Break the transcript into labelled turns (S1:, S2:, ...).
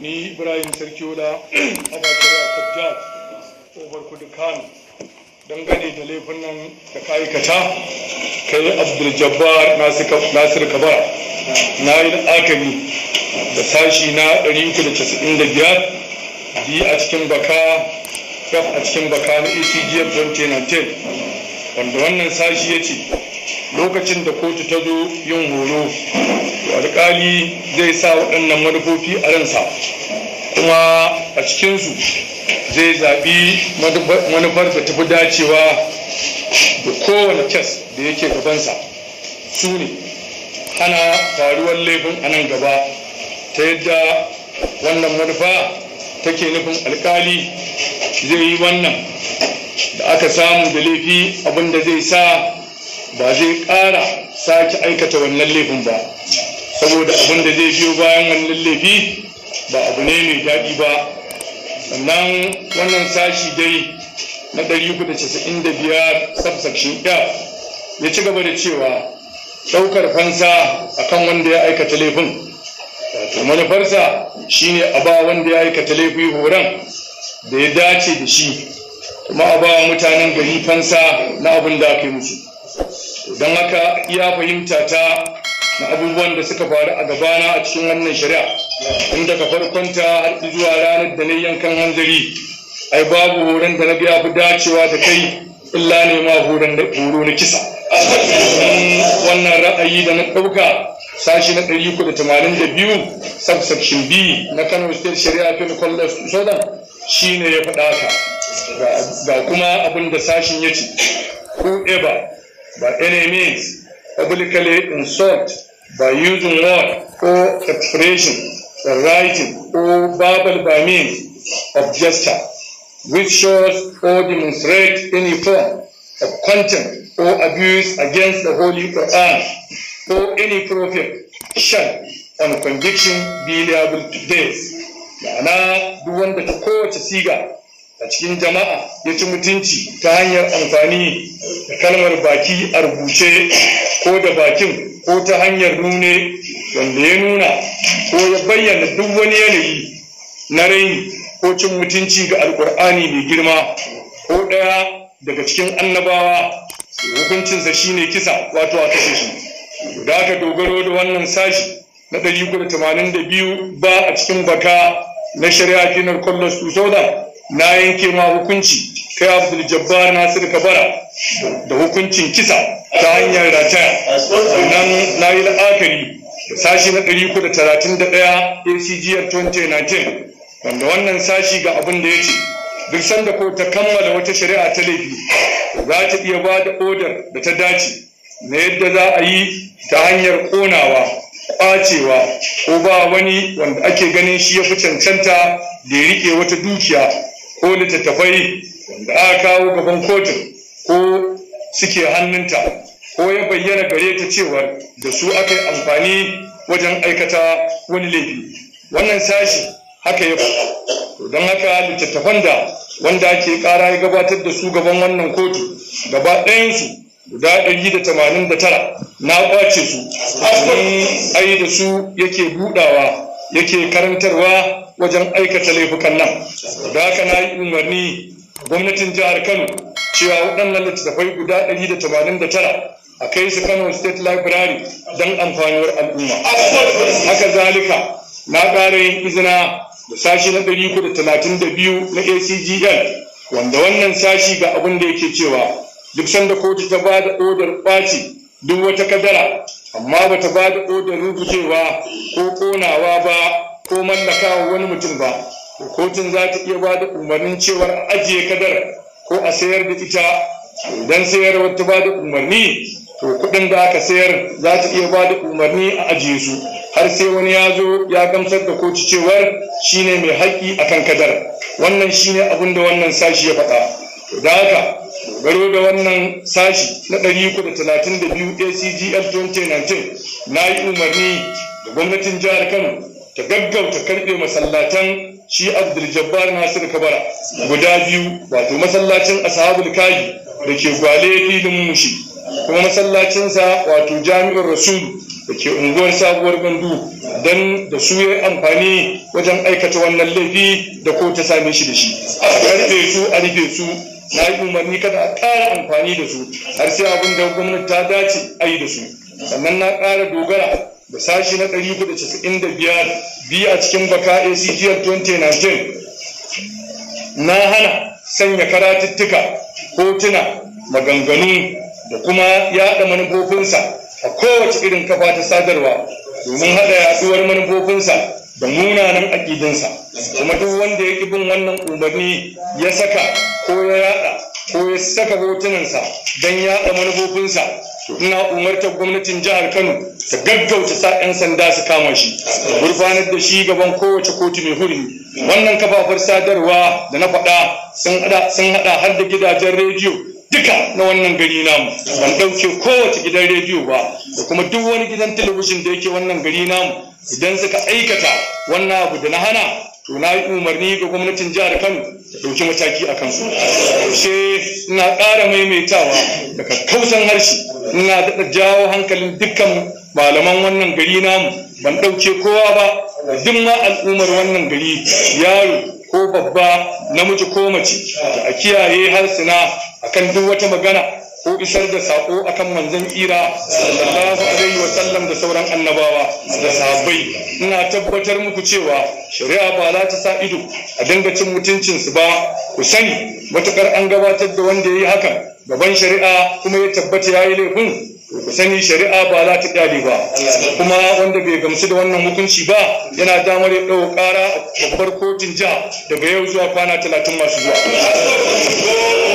S1: ni ibrahim sarki wula ana kariya sajjad over kudu don dangane da laifin nan da ka aikata ka yi abdul-jabbar nasir kabar na yi la'akari da sashi na 395 bi a cikin baka a cikin baka na ecgf 2019 wanda wannan sashi ya ce lokacin da kotu ta zo yin horo to alƙali zai sa waɗannan manufofi a ransa kuma a cikinsu zai zaɓi manufar da tafi dacewa da kowane kes da yake gabansa su ne hana faruwar laifin a nan gaba ta yadda wannan manufa take nufin alƙali zai yi wannan da aka samu da laifi abinda zai sa ba zai ƙara sake aikata wannan laifin ba saboda abin da zai biyo bayan wannan laifi ba abu ne mai daɗi ba sannan wannan sashi dai na 495 subsection ya ya ci gaba da cewa ɗaukar fansa a kan wanda ya aikata laifin wato manufarsa shine a ba wanda ya aikata laifi horon da ya dace da shi kuma a ba mutanen gari fansa na abin da aka yi musu don haka iya fahimta ta na abubuwan da suka faru a gabana a cikin wannan shari'a tun daga farkonta har zuwa ranar da na yankan hanzari ai babu horon da na biya fi dacewa da kai illa ne ma horon da horo na kisa wannan ra'ayi da na ɗauka sashi na ɗari kuɗa tamanin da biyu subsection b na kano state shari'a fin college southern shine ya faɗa ka ga kuma abin da sashin ya ce ko eba by any means, publicly insult by using word or expression, writing or verbal by means of gesture, which shows or demonstrates any form of contempt or abuse against the Holy Quran or any prophet shall on conviction be liable to death. Ma'ana duk wanda ta kowace siga a cikin jama'a ya ci mutunci ta hanyar amfani da kalmar baki a rubuce ko da bakin ko ta hanyar nune wanda ya nuna ko ya bayyana duk wani yanayi na raini ko cin mutunci ga alkur'ani mai girma ko ɗaya daga cikin annabawa hukuncinsa shine kisa wato a kashe shi da aka dogaro da wannan sashi na 182 ba a cikin baka na shari'a kinar kwallon su na yanke ma hukunci kai abdul jabbar nasir kabara da hukuncin kisa ta hanyar rataya sannan na yi la'akari sashi na 331 acgr 2019 wanda wannan sashi ga abin da ya ce duk sanda ko ta kammala wata shari'a ta laifi za ta iya ba da odar da ta dace na yadda za a yi ta hanyar konawa ɓacewa ko ba wani wanda ake ganin shi ya fi cancanta da ya riƙe wata dukiya ko littattafai da aka kawo gaban kotun ko suke hannunta ko ya bayyana gare ta cewar da su aka yi amfani wajen aikata wani laifi wannan sashi haka ya faɗa don haka littattafan da wanda ake ƙara ya gabatar da su gaban wannan kotu gaba ɗayansu guda ɗari da tamanin da tara na ƙwace su ai da su yake buɗawa yake karantarwa wajen aikata laifukan nan da haka na yi umarni gwamnatin jihar kano cewa waɗannan littattafai guda 189 a kai su kano state library don amfaniwar al'umma haka zalika na ƙara yin izina da sashi na 432 na acgl wanda wannan sashi ga abin da yake cewa duk sanda kotu ta ba da odar ɓaci duk wata kadara amma ba ta ba da odar rubucewa ko ƙonawa ba ko mallakawa wani mutum ba kotun za ta iya ba da umarnin cewar ajiye kadar ko a sayar da ita idan sayar wata ba da umarni to kuɗin da aka sayar za ta iya ba da umarni a ajiye su har sai wani ya zo ya gamsar da kotu cewar shine mai haƙƙi kan kadar wannan shine abin da wannan sashi ya faɗa da haka dogaro da wannan sashi na 332 acgf 2019 na yi umarni da gwamnatin jihar kano ta gaggauta karɓe masallatan shi abdul jabbar nasir kabara guda biyu wato masallacin ashabul kaji da ke gwale filin mushi kuma masallacinsa wato jami'ar rasulu da ke unguwar sabuwar gandu don da su ya amfani wajen aikata wannan laifi da ko ta same shi da shi a su a rufe su na yi umarni kada a ƙara amfani da su har sai abin da gwamnati ta dace a yi da su sannan na ƙara dogara da sashi na 495 biyu a cikin baka acgr 2019 na hana sanya karatuttuka hotuna maganganu da kuma yaɗa manufofinsa a kowace irin kafa ta sadarwa domin haɗa yaɗuwar manufofinsa da munanan akidinsa kuma duk wanda ya bin wannan umarni ya saka ko ya yaɗa ko ya saka hotunansa don yaɗa manufofinsa ina umartar gwamnatin jihar kano ta gaggauta sa 'yan sanda su kama shi gurfanar da shi gaban kowace kotu mai hurin. wannan kafafar sadarwa da na faɗa sun haɗa har da gidajen rediyo duka na wannan gari namu ban ɗauke kowace gidan rediyo ba da kuma duk wani gidan talabijin da yake wannan gari namu idan suka aikata wannan abu da na hana to na yi umarni ga gwamnatin jihar kano ta ɗauki mataki a kansu sai ina ƙara maimaitawa da kakkausan harshe ina daɗa jawo hankalin dukkan malaman wannan gari namu ban ɗauke kowa ba duk ma al'ummar wannan gari yaro ko babba namiji ko mace a kiyaye harsuna akan duk wata magana ko isar da sako akan manzon tsira sallallahu alaihi wa sallam da sauran annabawa da sahabbai ina tabbatar muku cewa shari'a ba za ta sa ido a dinga cin mutuncin su ba ku sani matukar an gabatar da wanda ya yi hakan gaban shari'a kuma ya tabbata ya yi laifin ku sani shari'a ba za ta kyale ba kuma wanda bai gamsu da wannan hukunci ba yana damar ya ɗau ƙara babbar kotun jiha daga yau zuwa kwana talatin masu zuwa